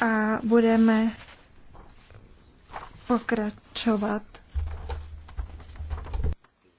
a budeme pokračovat